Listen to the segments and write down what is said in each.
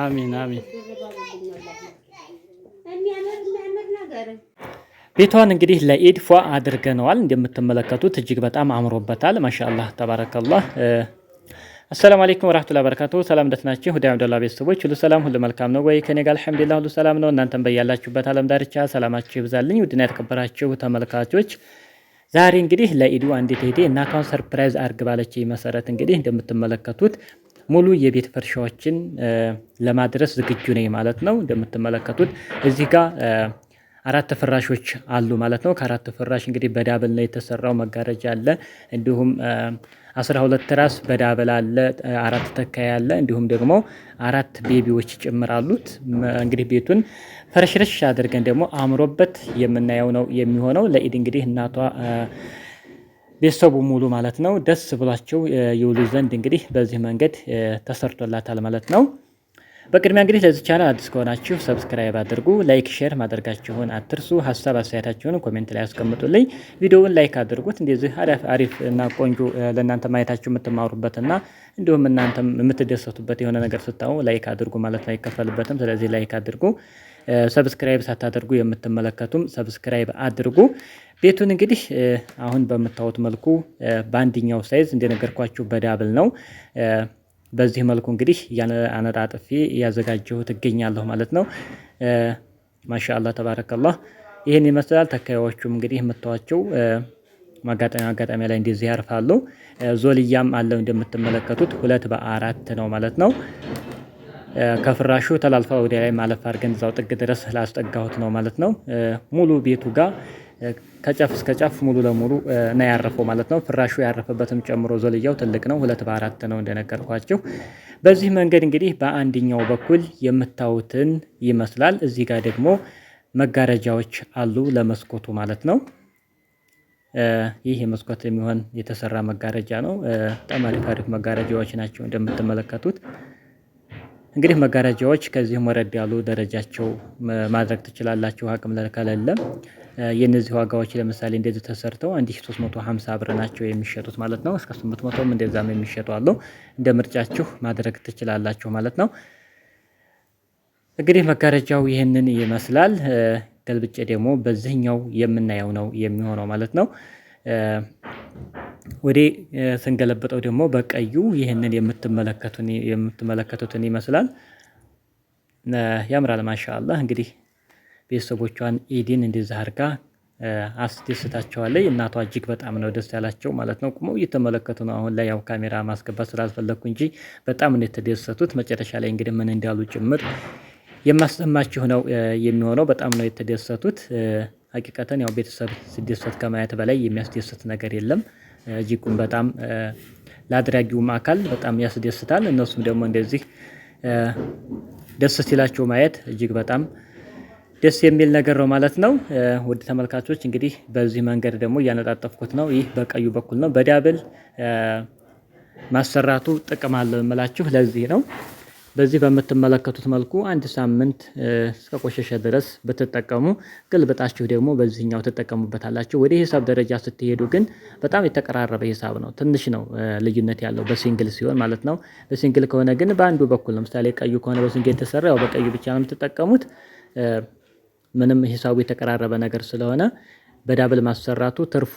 አሚን አሚን። ቤቷን እንግዲህ ለኢድ ፏ አድርገነዋል። እንደምትመለከቱት እጅግ በጣም አምሮበታል። ማሻአላህ ተባረከላህ። አሰላሙ አለይኩም ወራህመቱላሂ ወበረካቱ። ሰላም እንደት ናችሁ? ሁዳ አብደላ ቤተሰቦች ሁሉ ሰላም ሁሉ መልካም ነው ወይ? ከኔ ጋር አልሐምዱሊላህ ሁሉ ሰላም ነው። እናንተም በያላችሁበት ዓለም ዳርቻ ሰላማችሁ ይብዛልኝ። ውድና የተከበራችሁ ተመልካቾች ዛሬ እንግዲህ ለኢዱ አንዲት እህቴ እናቷን ሰርፕራይዝ አርግ ባለች መሰረት እንግዲህ እንደምትመለከቱት ሙሉ የቤት ፈርሻዎችን ለማድረስ ዝግጁ ነኝ ማለት ነው። እንደምትመለከቱት እዚህ ጋር አራት ፍራሾች አሉ ማለት ነው። ከአራት ፍራሽ እንግዲህ በዳብል ነው የተሰራው መጋረጃ አለ። እንዲሁም አስራ ሁለት ትራስ በዳብል አለ አራት ተካይ አለ እንዲሁም ደግሞ አራት ቤቢዎች ጭምር አሉት። እንግዲህ ቤቱን ፈረሽረሽ አድርገን ደግሞ አምሮበት የምናየው ነው የሚሆነው። ለኢድ እንግዲህ እናቷ ቤተሰቡ ሙሉ ማለት ነው ደስ ብሏቸው ይውሉ ዘንድ እንግዲህ በዚህ መንገድ ተሰርቶላታል ማለት ነው። በቅድሚያ እንግዲህ ለዚህ ቻናል አዲስ ከሆናችሁ ሰብስክራይብ አድርጉ፣ ላይክ፣ ሼር ማድረጋችሁን አትርሱ። ሀሳብ አስተያየታችሁን ኮሜንት ላይ ያስቀምጡልኝ። ቪዲዮውን ላይክ አድርጉት። እንደዚህ አሪፍ አሪፍ እና ቆንጆ ለእናንተ ማየታችሁ የምትማሩበትና እንዲሁም እናንተም የምትደሰቱበት የሆነ ነገር ስታዩ ላይክ አድርጉ ማለት አይከፈልበትም። ስለዚህ ላይክ አድርጉ። ሰብስክራይብ ሳታደርጉ የምትመለከቱም ሰብስክራይብ አድርጉ። ቤቱን እንግዲህ አሁን በምታዩት መልኩ በአንድኛው ሳይዝ እንደነገርኳችሁ በዳብል ነው በዚህ መልኩ እንግዲህ አነጣጥፌ እያዘጋጀሁት እገኛለሁ ማለት ነው። ማሻአላህ ተባረከላህ ይሄን ይመስላል። ተካዮቹም እንግዲህ የምታዩዋቸው ማጋጠሚያ ማጋጠሚያ ላይ እንደዚህ ያርፋሉ። ዞልያም አለው እንደምትመለከቱት ሁለት በአራት ነው ማለት ነው። ከፍራሹ ተላልፋ ወደ ላይ ማለፍ አድርገን እዛው ጥግ ድረስ ላስጠጋሁት ነው ማለት ነው ሙሉ ቤቱ ጋር ከጫፍ እስከ ጫፍ ሙሉ ለሙሉ ነው ያረፈው ማለት ነው። ፍራሹ ያረፈበትም ጨምሮ ዞልያው ትልቅ ነው፣ ሁለት በአራት ነው እንደነገርኳችሁ። በዚህ መንገድ እንግዲህ በአንድኛው በኩል የምታዩትን ይመስላል። እዚህ ጋር ደግሞ መጋረጃዎች አሉ ለመስኮቱ ማለት ነው። ይህ የመስኮት የሚሆን የተሰራ መጋረጃ ነው። በጣም አሪፍ አሪፍ መጋረጃዎች ናቸው እንደምትመለከቱት። እንግዲህ መጋረጃዎች ከዚህም ወረድ ያሉ ደረጃቸው ማድረግ ትችላላችሁ አቅም ከሌለ የነዚህ ዋጋዎች ለምሳሌ እንደዚህ ተሰርተው 1350 ብር ናቸው የሚሸጡት ማለት ነው። እስከ 800ም እንደዛም የሚሸጡ አሉ እንደ ምርጫችሁ ማድረግ ትችላላችሁ ማለት ነው። እንግዲህ መጋረጃው ይህንን ይመስላል። ገልብጬ ደግሞ በዚህኛው የምናየው ነው የሚሆነው ማለት ነው። ወዴ ስንገለብጠው ደግሞ በቀዩ ይህንን የምትመለከቱትን ይመስላል። ያምራል ማሻአላህ። እንግዲህ ቤተሰቦቿን ኢዲን እንደዚህ አድርጋ አስደስታቸዋለች። እናቷ እጅግ በጣም ነው ደስ ያላቸው ማለት ነው። ቁመው እየተመለከቱ ነው። አሁን ላይ ያው ካሜራ ማስገባት ስላልፈለግኩ እንጂ በጣም ነው የተደሰቱት። መጨረሻ ላይ እንግዲህ ምን እንዳሉ ጭምር የማሰማችሁ ነው የሚሆነው። በጣም ነው የተደሰቱት። ሀቂቀተን ያው ቤተሰብ ሲደሰት ከማየት በላይ የሚያስደስት ነገር የለም። እጅጉን በጣም ለአድራጊውም አካል በጣም ያስደስታል። እነሱም ደግሞ እንደዚህ ደስ ሲላቸው ማየት እጅግ በጣም ደስ የሚል ነገር ነው ማለት ነው። ውድ ተመልካቾች እንግዲህ በዚህ መንገድ ደግሞ እያነጣጠፍኩት ነው። ይህ በቀዩ በኩል ነው። በዳብል ማሰራቱ ጥቅም አለው የምላችሁ ለዚህ ነው። በዚህ በምትመለከቱት መልኩ አንድ ሳምንት እስከቆሸሸ ድረስ ብትጠቀሙ ግልብጣችሁ ደግሞ በዚህኛው ትጠቀሙበታላችሁ። ወደ ሂሳብ ደረጃ ስትሄዱ ግን በጣም የተቀራረበ ሂሳብ ነው። ትንሽ ነው ልዩነት ያለው በሲንግል ሲሆን ማለት ነው። በሲንግል ከሆነ ግን በአንዱ በኩል ለምሳሌ ቀዩ ከሆነ በሲንግል የተሰራ ያው በቀዩ ብቻ ነው የምትጠቀሙት። ምንም ሂሳቡ የተቀራረበ ነገር ስለሆነ በዳብል ማሰራቱ ትርፉ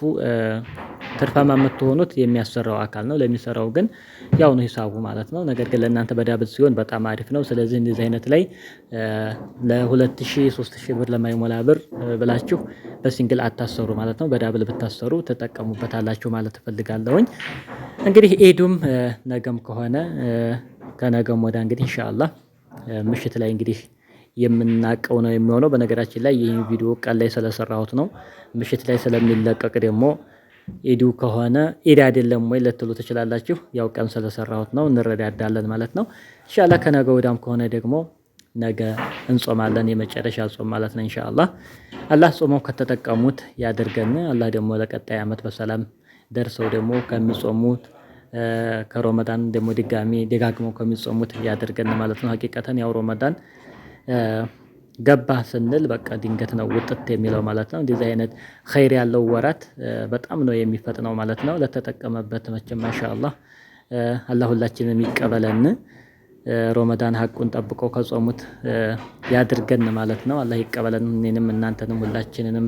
ትርፋማ የምትሆኑት የሚያሰራው አካል ነው። ለሚሰራው ግን ያው ነው ሂሳቡ ማለት ነው። ነገር ግን ለእናንተ በዳብል ሲሆን በጣም አሪፍ ነው። ስለዚህ እንደዚህ አይነት ላይ ለ ሺህ ሶስት ብር ለማይሞላ ብር ብላችሁ በሲንግል አታሰሩ ማለት ነው። በዳብል ብታሰሩ ትጠቀሙበታላችሁ ማለት እፈልጋለሁኝ። እንግዲህ ኤዱም ነገም ከሆነ ከነገም ወዳ እንግዲህ ኢንሻአላህ ምሽት ላይ እንግዲህ የምናቀው ነው የሚሆነው። በነገራችን ላይ ይሄን ቪዲዮ ቀን ላይ ስለሰራሁት ነው። ምሽት ላይ ስለሚለቀቅ ደግሞ ኢዲው ከሆነ ኢድ አይደለም ወይ ልትሉ ትችላላችሁ። ያው ቀን ስለሰራሁት ነው እንረዳዳለን ማለት ነው። ኢንሻአላህ ከነገ ወዳም ከሆነ ደግሞ ነገ እንጾማለን የመጨረሻ ጾም ማለት ነው። ኢንሻአላህ አላህ ጾመው ከተጠቀሙት ያድርገን። አላህ ደግሞ ለቀጣይ ዓመት በሰላም ደርሰው ደግሞ ከሚጾሙት ከሮመዳን ደግሞ ድጋሚ ደጋግመው ከሚጾሙት ያድርገን ማለት ነው። ሀቂቀተን ያው ሮመዳን ገባ ስንል በቃ ድንገት ነው ውጥት የሚለው ማለት ነው እንደዚህ አይነት ኸይር ያለው ወራት በጣም ነው የሚፈጥነው ማለት ነው። ለተጠቀመበት መቼም ማሻአላህ አላህ ሁላችንም ይቀበለን ሮመዳን ሀቁን ጠብቆ ከጾሙት ያድርገን ማለት ነው። አላህ ይቀበለን እኔንም እናንተንም ሁላችንንም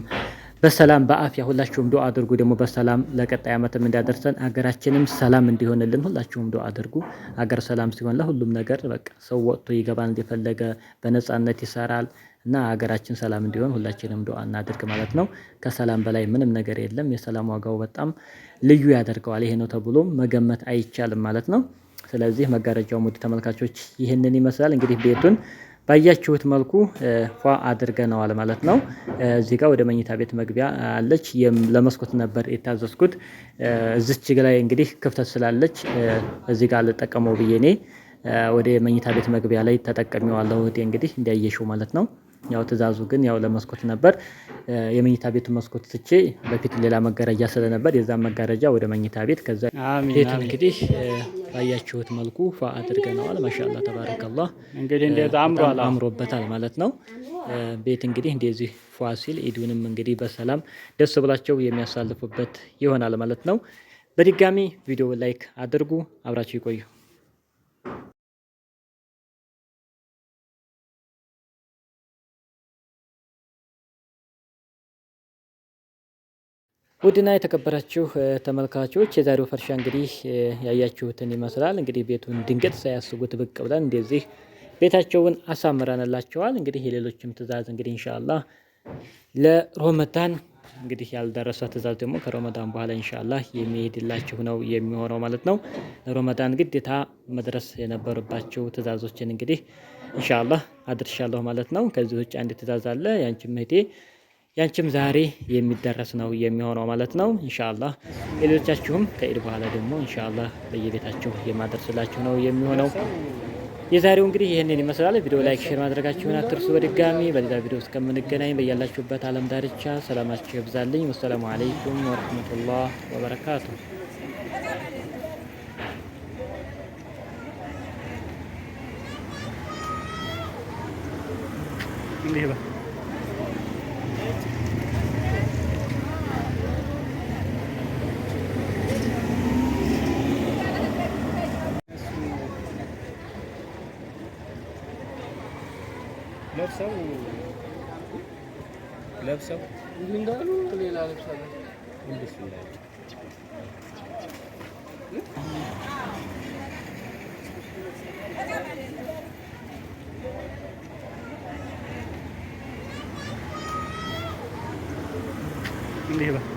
በሰላም በአፍያ ሁላችሁም ዱአ አድርጉ። ደግሞ በሰላም ለቀጣይ ዓመትም እንዲያደርሰን አገራችንም ሰላም እንዲሆንልን ሁላችሁም ዱአ አድርጉ። ሀገር ሰላም ሲሆን ለሁሉም ነገር በቃ ሰው ወጥቶ ይገባል፣ እንደፈለገ በነፃነት ይሰራል እና ሀገራችን ሰላም እንዲሆን ሁላችንም ዱአ እናድርግ ማለት ነው። ከሰላም በላይ ምንም ነገር የለም። የሰላም ዋጋው በጣም ልዩ ያደርገዋል። ይሄ ነው ተብሎ መገመት አይቻልም ማለት ነው። ስለዚህ መጋረጃው ውድ ተመልካቾች ይህንን ይመስላል እንግዲህ ቤቱን ባያችሁት መልኩ ፏ አድርገነዋል ማለት ነው። እዚህ ጋር ወደ መኝታ ቤት መግቢያ አለች። ለመስኮት ነበር የታዘዝኩት። እዚች ላይ እንግዲህ ክፍተት ስላለች እዚህ ጋር ልጠቀመው ብዬ እኔ ወደ መኝታ ቤት መግቢያ ላይ ተጠቀሚዋለሁ። እህቴ እንግዲህ እንዲያየሽው ማለት ነው። ያው ትእዛዙ ግን ያው ለመስኮት ነበር። የመኝታ ቤቱ መስኮት ትቼ በፊት ሌላ መጋረጃ ስለነበር የዛን መጋረጃ ወደ መኝታ ቤት ከዛ ቤት እንግዲህ ባያችሁት መልኩ ፋ አድርገነዋል። ማሻላ ተባረከላህ። እንግዲህ አምሮበታል ማለት ነው። ቤት እንግዲህ እንደዚህ ፏ ሲል ኢዱንም እንግዲህ በሰላም ደስ ብላቸው የሚያሳልፉበት ይሆናል ማለት ነው። በድጋሚ ቪዲዮ ላይክ አድርጉ። አብራችሁ ይቆዩ። ውድና የተከበራችሁ ተመልካቾች የዛሬው ፈርሻ እንግዲህ ያያችሁትን ይመስላል። እንግዲህ ቤቱን ድንገት ሳያስጉት ብቅ ብለን እንደዚህ ቤታቸውን አሳምረንላቸዋል። እንግዲህ የሌሎችም ትዕዛዝ እንግዲህ እንሻላ ለሮመዳን እንግዲህ ያልደረሰ ትዕዛዝ ደግሞ ከሮመዳን በኋላ እንሻላ የሚሄድላችሁ ነው የሚሆነው ማለት ነው። ለሮመዳን ግዴታ መድረስ የነበረባቸው ትዕዛዞችን እንግዲህ እንሻላ አድርሻለሁ ማለት ነው። ከዚህ ውጭ አንድ ትዕዛዝ አለ። ያንቺ ምህቴ ያንችም ዛሬ የሚደረስ ነው የሚሆነው ማለት ነው። ኢንሻአላህ ሌሎቻችሁም ከኢድ በኋላ ደግሞ ኢንሻአላህ በየቤታችሁ የማደርስላችሁ ነው የሚሆነው። የዛሬው እንግዲህ ይህንን ይመስላል። ቪዲዮ ላይክ፣ ሼር ማድረጋችሁን አትርሱ። በድጋሚ በሌላ ቪዲዮ እስከምንገናኝ በያላችሁበት ዓለም ዳርቻ ሰላማችሁ ይብዛልኝ። ወሰላሙ አለይኩም ወረህመቱላህ ወበረካቱ። ይሄ ለብሰው ለብሰው እንዳሉ ሌላ ለብሰው እንደሱ ይላል። እንዴ ባ